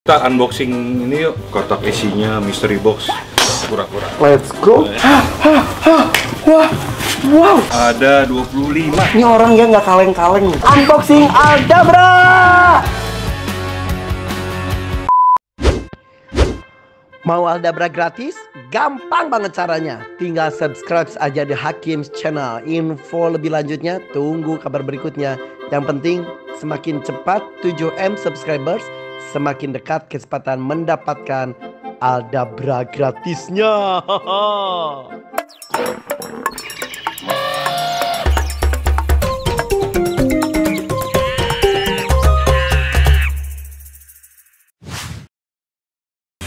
Kita unboxing ini yuk, kotak isinya mystery box kura-kura. Let's go. Hah, hah, hah. Wah, wow. Ada 25. Ini orang yang nggak kaleng-kaleng. Unboxing bro Mau Aldabra gratis? Gampang banget caranya. Tinggal subscribe aja di Hakims Channel. Info lebih lanjutnya tunggu kabar berikutnya. Yang penting semakin cepat 7M subscribers semakin dekat kesempatan mendapatkan Aldabra gratisnya.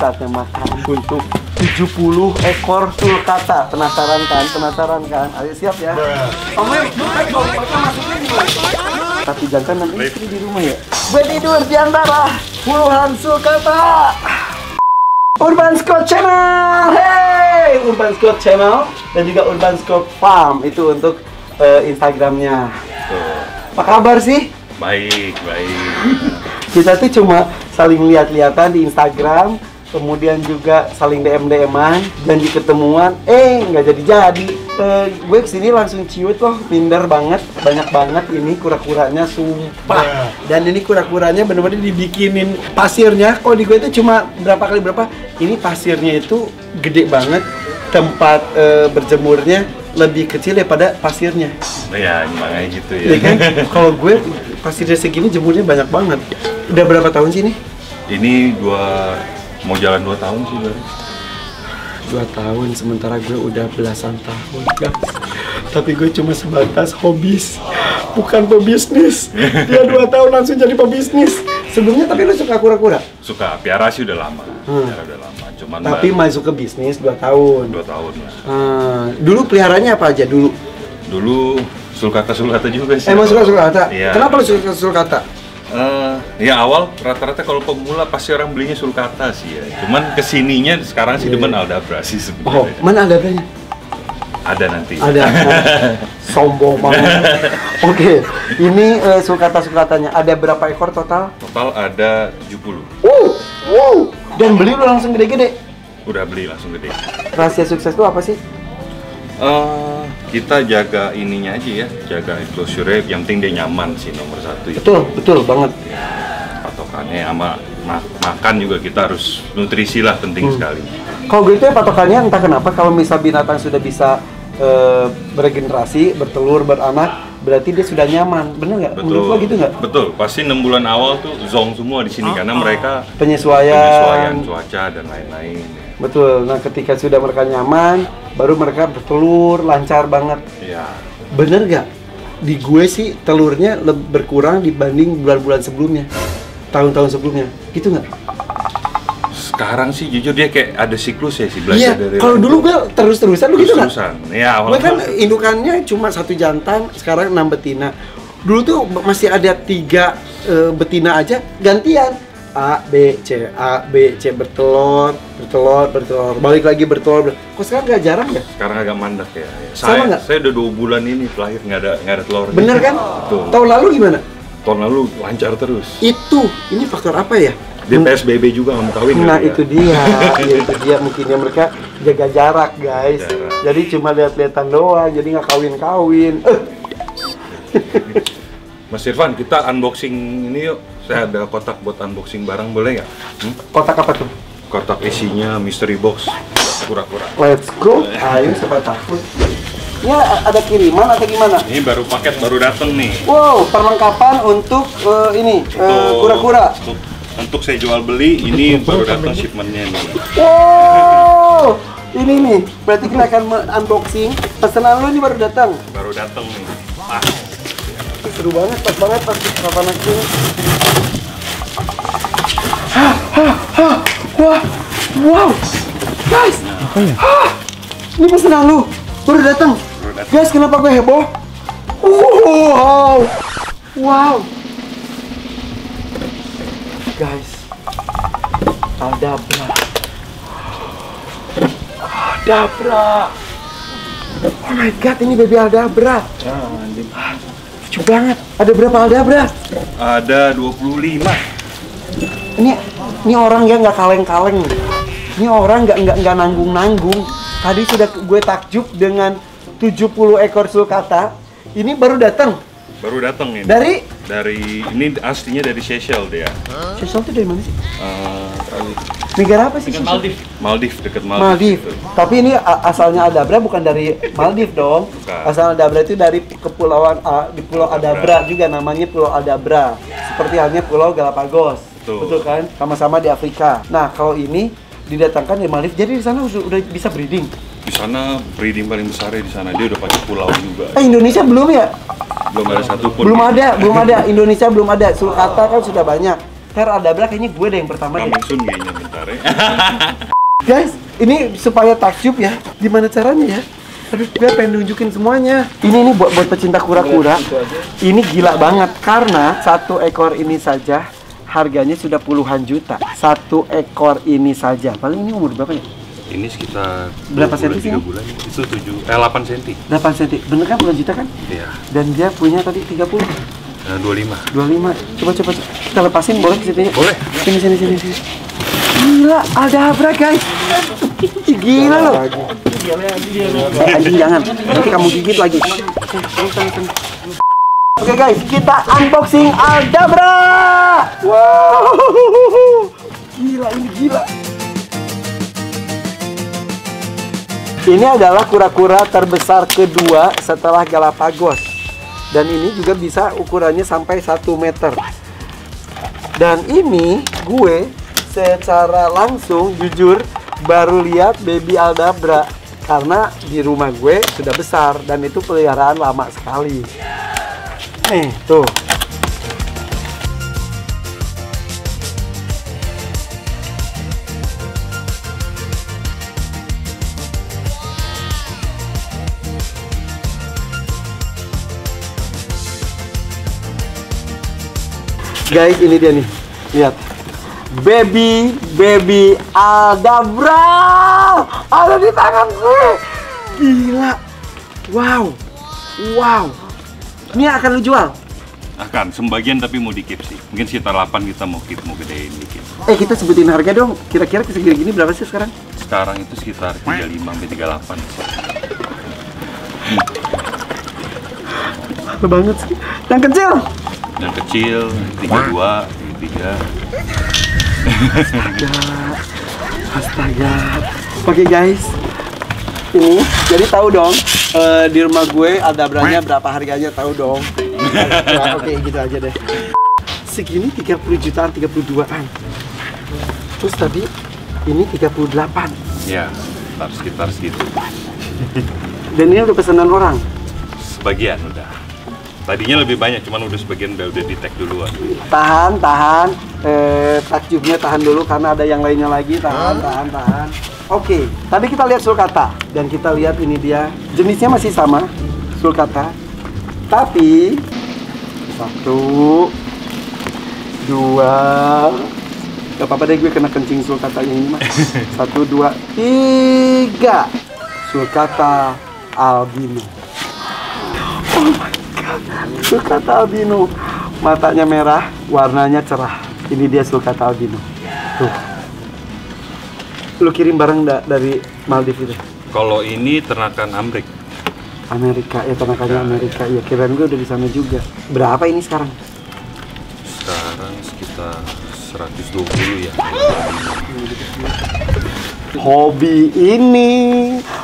Saatnya makan untuk 70 ekor sulcata. Penasaran kan? Penasaran kan? Ayo siap ya. Om, oh, masuknya gimana? Tapi jantan dan istri di rumah ya. Bertidur di antara puluhan sulkata. Urban Scout Channel, hey Urban Scout Channel dan juga Urban Scout Farm itu untuk uh, Instagramnya. Apa kabar sih? Baik, baik. Kita tuh cuma saling lihat-lihatan di Instagram, kemudian juga saling DM DMan janji ketemuan eh nggak jadi jadi uh, eh, gue kesini langsung ciut loh minder banget banyak banget ini kura-kuranya sumpah iya. dan ini kura-kuranya bener-bener dibikinin pasirnya kok di gue itu cuma berapa kali berapa ini pasirnya itu gede banget tempat uh, berjemurnya lebih kecil daripada pasirnya ya gimana gitu ya, ya kan? kalau gue pasirnya segini jemurnya banyak banget udah berapa tahun sih ini ini dua mau jalan dua tahun sih baru. dua tahun sementara gue udah belasan tahun guys. Tapi gue cuma sebatas hobis, bukan pebisnis. Dia dua tahun langsung jadi pebisnis. Sebelumnya tapi lu suka kura-kura? Suka, piara sih udah lama. Hmm. udah lama, cuman Tapi baru... masuk ke bisnis dua tahun. Dua tahun ya. Hmm. Dulu peliharanya apa aja dulu? Dulu sulcata sulcata juga sih. Emang sulkata sulcata? Ya. Kenapa lu sulkata sulcata? Uh, ya awal rata-rata kalau pemula pasti orang belinya sulcata sih ya. Cuman kesininya sekarang sih yeah. demen iya. aldabra sih sebenarnya. Oh, mana aldabranya? Ada nanti. Ada. Sombong banget. Oke, okay. ini uh, eh, sulcata sulcatanya ada berapa ekor total? Total ada 70. puluh. wow. Dan beli udah langsung gede-gede. Udah beli langsung gede. Rahasia sukses itu apa sih? Uh, kita jaga ininya aja ya, jaga enclosure yang penting dia nyaman sih nomor satu. Ya. Betul, itu. betul banget. Ya, patokannya sama ma makan juga kita harus nutrisi lah penting hmm. sekali. Kalau gitu ya patokannya entah kenapa kalau misal binatang sudah bisa e, beregenerasi, bertelur, beranak, berarti dia sudah nyaman, benar nggak? Menurut lo gitu nggak? Betul, pasti enam bulan awal tuh zong semua di sini ah, karena ah. mereka penyesuaian, penyesuaian cuaca dan lain-lain. Betul. Nah, ketika sudah mereka nyaman, baru mereka bertelur lancar banget. Iya. Bener gak? Di gue sih telurnya berkurang dibanding bulan-bulan sebelumnya, tahun-tahun sebelumnya. Gitu nggak? Sekarang sih jujur dia kayak ada siklus ya sih belajar ya, dari. Kalau dulu gue terus-terusan gitu terus gitu Terusan. Iya. Gue kan indukannya cuma satu jantan, sekarang enam betina. Dulu tuh masih ada tiga e, betina aja gantian A B C A B C bertelur bertelur bertelur balik lagi bertelur bertelur. kok sekarang gak jarang ya sekarang agak mandek ya ya. sama nggak saya udah dua bulan ini lahir nggak ada nggak ada telur bener kan Oh. tahun lalu gimana tahun lalu lancar terus itu ini faktor apa ya di PSBB juga nggak mau kawin nah ya. itu dia ya itu dia mungkin mereka jaga jarak guys jarak. jadi cuma lihat-lihatan doang jadi nggak kawin-kawin eh. Mas Irfan kita unboxing ini yuk saya ada kotak buat unboxing barang, boleh ya? Hmm? Kotak apa tuh? Kotak isinya mystery box. Kura-kura. Let's go. Ayo, siapa takut? Ini ya, ada kiriman atau gimana? Ini baru paket baru dateng nih. Wow, perlengkapan untuk uh, ini eh, kura-kura. Uh, untuk, untuk, saya jual beli ini baru datang shipmentnya nih. Wow, ini nih. Berarti kita akan unboxing. Pesanan lu ini baru datang. Baru datang nih. Ah. Seru banget, pas banget pas kapan aku. Hah, wah, wow, guys, Hah, ini pesanan lu baru datang. Guys, kenapa gue heboh? Wow, wow, guys, kadabra, Aldabra. Oh my god, ini baby aldabra. Ya, banget. Ada berapa aldabra? Ada 25. Ini ini orang ya nggak kaleng-kaleng ini orang nggak nggak nggak nanggung-nanggung tadi sudah gue takjub dengan 70 ekor sulcata ini baru datang baru datang ini dari dari ini aslinya dari Seychelles dia Seychelles itu dari mana sih uh, negara apa sih dekat Maldives Maldives dekat Maldives Maldiv. tapi ini asalnya Adabra bukan dari Maldives dong bukan. asal Adabra itu dari kepulauan uh, di Pulau Adabra. Adabra juga namanya Pulau Adabra seperti halnya Pulau Galapagos Betul. Betul kan? Sama-sama di Afrika. Nah, kalau ini didatangkan dari Maldives, jadi di sana udah, bisa breeding. Di sana breeding paling besar ya di sana dia udah pakai pulau juga. Eh Indonesia belum ya? Belum ada satu pun. Belum ada, belum ada. Indonesia belum ada. Sulkata kan sudah banyak. Ter Adabra kayaknya gue deh yang pertama nah, deh. Langsung kayaknya bentar ya. Guys, ini supaya takjub ya. Gimana caranya ya? Aduh, gue pengen nunjukin semuanya. Ini nih buat buat pecinta kura-kura. Ini gila banget karena satu ekor ini saja harganya sudah puluhan juta. Satu ekor ini saja. Paling ini umur berapa ya? Ini sekitar berapa senti sih? bulan. Itu 7 eh 8 senti. 8 senti. Bener kan puluhan juta kan? Iya. Dan dia punya tadi 30. Eh, dua 25. 25. Coba coba kita lepasin boleh ke situ ya? Boleh. Sini sini sini sini. Gila, ada abra guys. Gila loh. Anjing jangan. Nanti kamu gigit lagi. Sini, sini, Oke okay guys, kita unboxing Aldabra. Wow. Gila ini gila. Ini adalah kura-kura terbesar kedua setelah Galapagos. Dan ini juga bisa ukurannya sampai 1 meter. Dan ini gue secara langsung jujur baru lihat baby Aldabra karena di rumah gue sudah besar dan itu peliharaan lama sekali nih tuh guys ini dia nih lihat baby baby aldabra ada di tangan gue gila wow wow ini akan lu jual? Akan, sebagian tapi mau dikip sih. Mungkin sekitar 8 kita mau keep, mau gedein dikit. Eh, kita sebutin harga dong. Kira-kira segini gini berapa sih sekarang? Sekarang itu sekitar 35 sampai 38. Lo hmm. banget sih. Yang kecil? Yang kecil, 32, 33. Astaga. Astaga. Oke okay, guys, ini jadi tahu dong uh, di rumah gue ada aldabrannya berapa harganya tahu dong nah, oke okay, gitu aja deh segini 30 jutaan 32an terus tadi ini 38 ya sekitar sekitar segitu dan ini udah pesanan orang sebagian udah tadinya lebih banyak cuman udah sebagian udah udah di tag duluan tahan tahan eh, takjubnya tahan dulu karena ada yang lainnya lagi tahan tahan tahan Oke, okay, tadi kita lihat sulcata dan kita lihat ini dia jenisnya masih sama sulcata, tapi satu, dua, gak apa-apa deh gue kena kencing sulcata yang ini mas. Satu, dua, tiga, sulcata albino. Oh my god, sulcata albino, matanya merah, warnanya cerah. Ini dia sulcata albino. Tuh, lu kirim barang da dari Maldives itu? Kalau ini ternakan Amrik. Amerika ya ternakannya Amerika ya kirain gue udah di sana juga. Berapa ini sekarang? Sekarang sekitar 120 ya. Hobi ini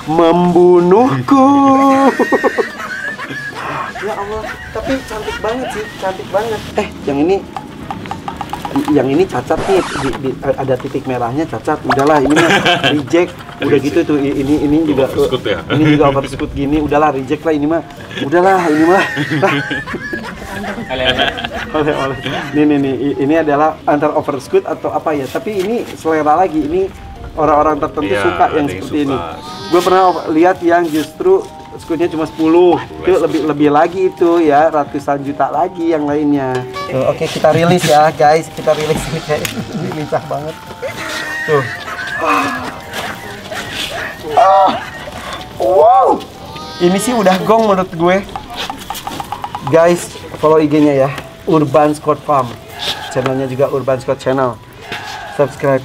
membunuhku. ya Allah, tapi cantik banget sih, cantik banget. Eh, yang ini yang ini cacat nih di, di, ada titik merahnya cacat udahlah ini mah reject udah gitu tuh ini ini juga ya? ini juga overscoot gini udahlah reject lah ini mah udahlah ini mah oleh oleh nih nih nih ini adalah antar overscoot atau apa ya tapi ini selera lagi ini orang-orang tertentu ya, suka yang seperti suka. ini gue pernah lihat yang justru skutnya cuma 10 itu lebih lebih lagi itu ya ratusan juta lagi yang lainnya oke okay, kita rilis ya guys kita rilis ini kayak lincah banget tuh ah. ah. wow ini sih udah gong menurut gue guys follow IG-nya ya Urban Squad Farm channelnya juga Urban Squad Channel subscribe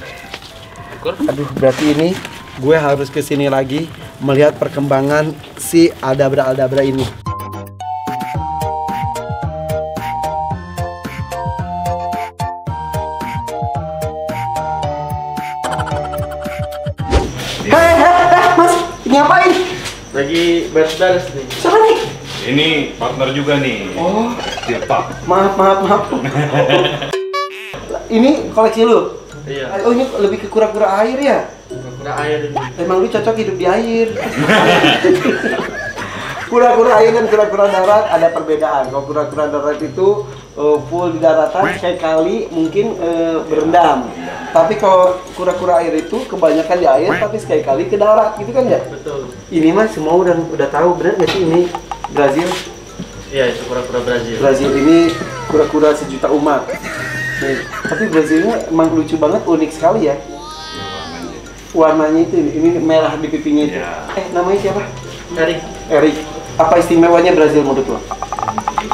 aduh berarti ini gue harus kesini lagi melihat perkembangan si aldabra-aldabra ini. Hei, hei, hei, mas, ini Lagi beres nih. Siapa nih? Ini partner juga nih. Oh, iya, Pak. Maaf, maaf, maaf. ini koleksi lu? Iya. Oh, ini lebih ke kura-kura air ya? air Emang lu cocok hidup di air. kura-kura air dan kura-kura darat ada perbedaan. Kalau kura-kura darat itu uh, full di daratan sekali mungkin uh, berendam. Tapi kalau kura-kura air itu kebanyakan di air tapi sekali kali ke darat gitu kan ya? Betul. Ini mah semua udah udah tahu benar nggak sih ini Brazil? Iya itu kura-kura Brazil. Brazil ini kura-kura sejuta umat. Nih. Tapi Brazilnya emang lucu banget unik sekali ya warnanya itu ini merah di pipinya itu. Yeah. Eh namanya siapa? Erik. Erik. Apa istimewanya Brazil menurut lo?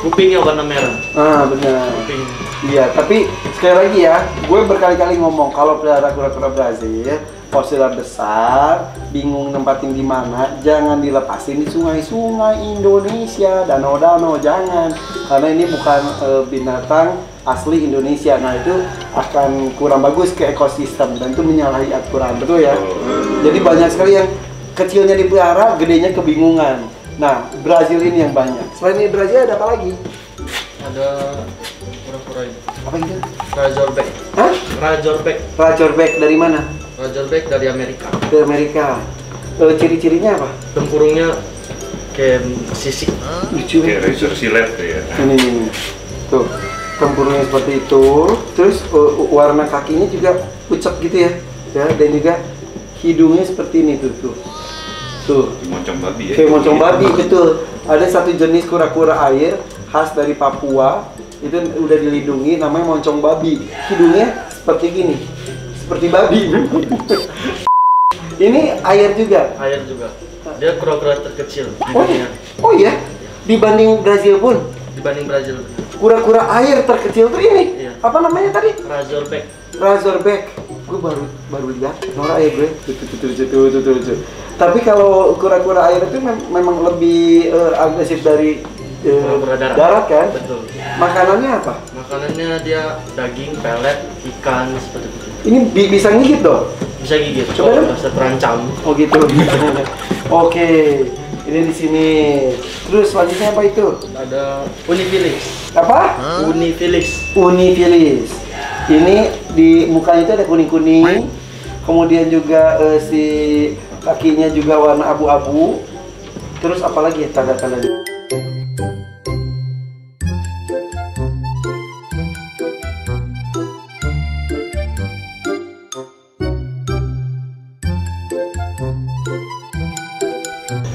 Kupingnya warna merah. Ah benar. Kuping. Iya, tapi sekali lagi ya, gue berkali-kali ngomong kalau pelihara kura-kura Brazil, fosilnya besar, bingung nempatin di mana, jangan dilepasin di sungai-sungai Indonesia, danau-danau, jangan. Karena ini bukan e, binatang asli Indonesia. Nah itu akan kurang bagus ke ekosistem dan itu menyalahi aturan betul ya. Jadi banyak sekali yang kecilnya dipelihara, gedenya kebingungan. Nah Brazil ini yang banyak. Selain ini Brazil ada apa lagi? Ada kura-kura ini. Apa itu? Razorback. Hah? Razorback. Razorback dari mana? Razorback dari Amerika. Dari Amerika. E, ciri-cirinya apa? Tempurungnya kayak sisik. Lucu. Kayak razor silet ya. Ini, ini, ini. Tuh tempurungnya seperti itu terus uh, warna kakinya juga pucat gitu ya ya dan juga hidungnya seperti ini tuh tuh tuh moncong babi ya kayak moncong babi betul ada satu jenis kura-kura air khas dari Papua itu udah dilindungi namanya moncong babi hidungnya seperti gini seperti babi ini air juga air juga dia kura-kura terkecil di oh, dunia. oh iya dibanding Brazil pun dibanding Brazil kura-kura air terkecil tuh ini iya. apa namanya tadi razorback razorback gue baru baru lihat norak ya gue tapi kalau kura-kura air itu mem memang lebih uh, agresif dari uh, darat. kan betul makanannya apa makanannya dia daging pelet ikan seperti itu ini bi bisa ngigit dong bisa gigit coba dong bisa terancam oh gitu oke okay. ini di sini terus selanjutnya apa itu ada unifilis apa? Huh? Unifilis. Unifilis. Ini di mukanya itu ada kuning-kuning. Kemudian juga uh, si kakinya juga warna abu-abu. Terus apalagi ya tanda-tandanya?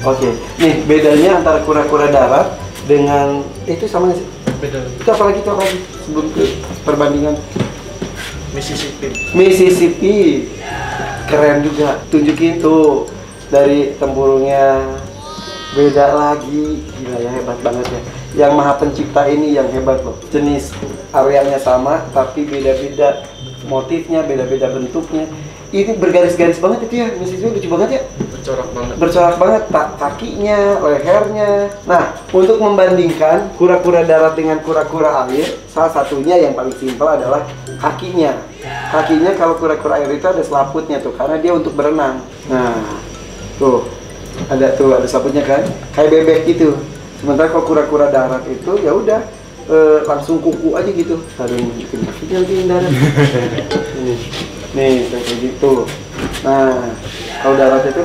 Oke, okay. nih bedanya antara kura-kura darat dengan itu sama sih? beda itu apalagi kita itu apa sebelum ke perbandingan Mississippi Mississippi keren juga tunjukin tuh dari tempurungnya beda lagi gila ya hebat banget ya yang maha pencipta ini yang hebat loh jenis areanya sama tapi beda-beda motifnya beda-beda bentuknya ini bergaris-garis banget itu ya Mississippi lucu banget ya bercorak banget bercorak banget pak kakinya lehernya nah untuk membandingkan kura-kura darat dengan kura-kura air salah satunya yang paling simpel adalah kakinya kakinya kalau kura-kura air itu ada selaputnya tuh karena dia untuk berenang nah tuh ada tuh ada selaputnya kan kayak bebek gitu sementara kalau kura-kura darat itu ya udah eh, langsung kuku aja gitu Harus masukin kakinya lagi darat ini nih kayak gitu nah kalau darah itu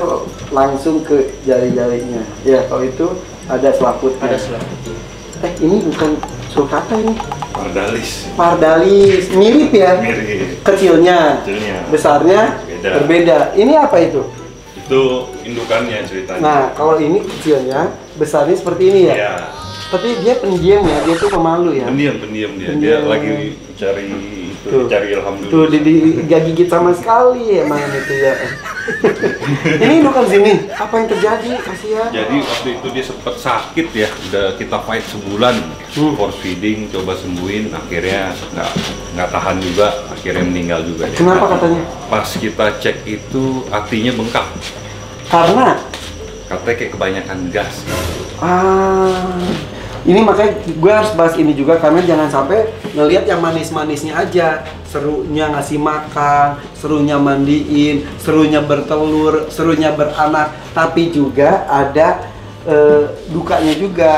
langsung ke jari-jarinya. Ya, kalau itu ada selaputnya. Ada selaput. Eh, ini bukan sulcata ini. Pardalis. Pardalis, mirip ya? Mirip. Kecilnya. Kecilnya. Besarnya beda. berbeda. Ini apa itu? Itu indukannya ceritanya. Nah, kalau ini kecilnya, besarnya seperti ini ya. Ya. Tapi dia pendiam ya, dia tuh pemalu ya. Pendiam, pendiam dia. Pendiam. Dia lagi cari itu, cari ilham dulu. Tuh, di, di, gak gigit sama sekali emang itu ya ini bukan sini. Apa yang terjadi? Kasihan. Jadi waktu itu dia sempat sakit ya. Udah kita fight sebulan, hmm. force feeding, coba sembuhin, akhirnya nggak nggak tahan juga, akhirnya meninggal juga. Ya. Kenapa katanya? Pas kita cek itu artinya bengkak. Karena? Katanya kayak kebanyakan gas. Ah ini makanya gue harus bahas ini juga karena jangan sampai ngelihat yang manis-manisnya aja serunya ngasih makan serunya mandiin serunya bertelur serunya beranak tapi juga ada eh, dukanya juga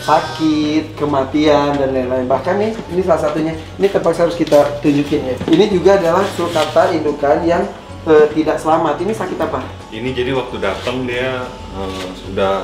sakit kematian dan lain-lain bahkan nih ini salah satunya ini terpaksa harus kita tunjukin ya ini juga adalah sulcata indukan yang eh, tidak selamat ini sakit apa ini jadi waktu datang dia uh, sudah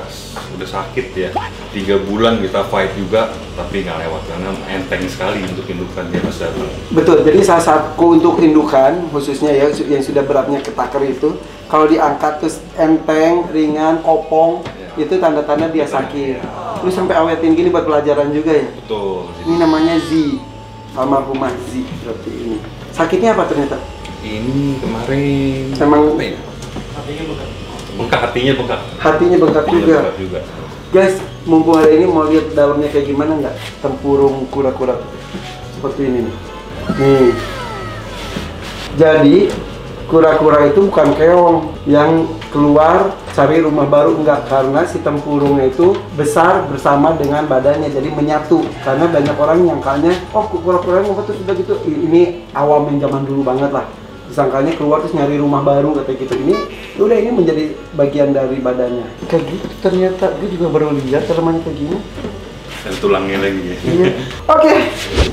sudah sakit ya tiga bulan kita fight juga tapi nggak lewat karena enteng sekali untuk indukan dia pas datang betul jadi salah satu untuk indukan khususnya ya yang sudah beratnya ketaker itu kalau diangkat terus enteng ringan kopong ya. itu tanda-tanda dia sakit ya. lu sampai awetin gini buat pelajaran juga ya betul ini namanya Z almarhumah Z seperti ini sakitnya apa ternyata ini kemarin emang apa ya? Hatinya bengkak. Bengkak hatinya bengkak. Hatinya bengkak juga. Bengkak juga. Guys, mumpung hari ini mau lihat dalamnya kayak gimana nggak? Tempurung kura-kura seperti ini nih. Nih. Jadi kura-kura itu bukan keong yang keluar cari rumah baru enggak karena si tempurungnya itu besar bersama dengan badannya jadi menyatu karena banyak orang yang kalnya oh kura-kura ngumpet tuh sudah gitu ini awam yang zaman dulu banget lah disangkanya keluar terus nyari rumah baru kata gitu ini ya udah ini menjadi bagian dari badannya kayak gitu ternyata gue juga baru lihat kelemahannya kayak gini dan tulangnya lagi ya iya. oke okay.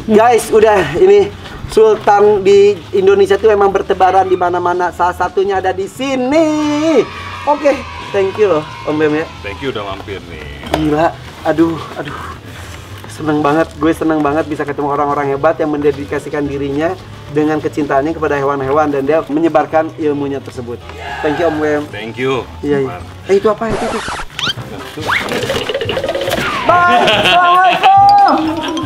guys udah ini Sultan di Indonesia itu memang bertebaran di mana-mana. Salah satunya ada di sini. Oke, okay. thank you loh Om Bem ya. Thank you udah mampir nih. Gila, aduh, aduh. Seneng banget, gue seneng banget bisa ketemu orang-orang hebat yang mendedikasikan dirinya dengan kecintaannya kepada hewan-hewan dan dia menyebarkan ilmunya tersebut. Thank you Om Wem. Thank you. Iya. iya. Eh itu apa itu? itu. Nah, Bye. Assalamualaikum.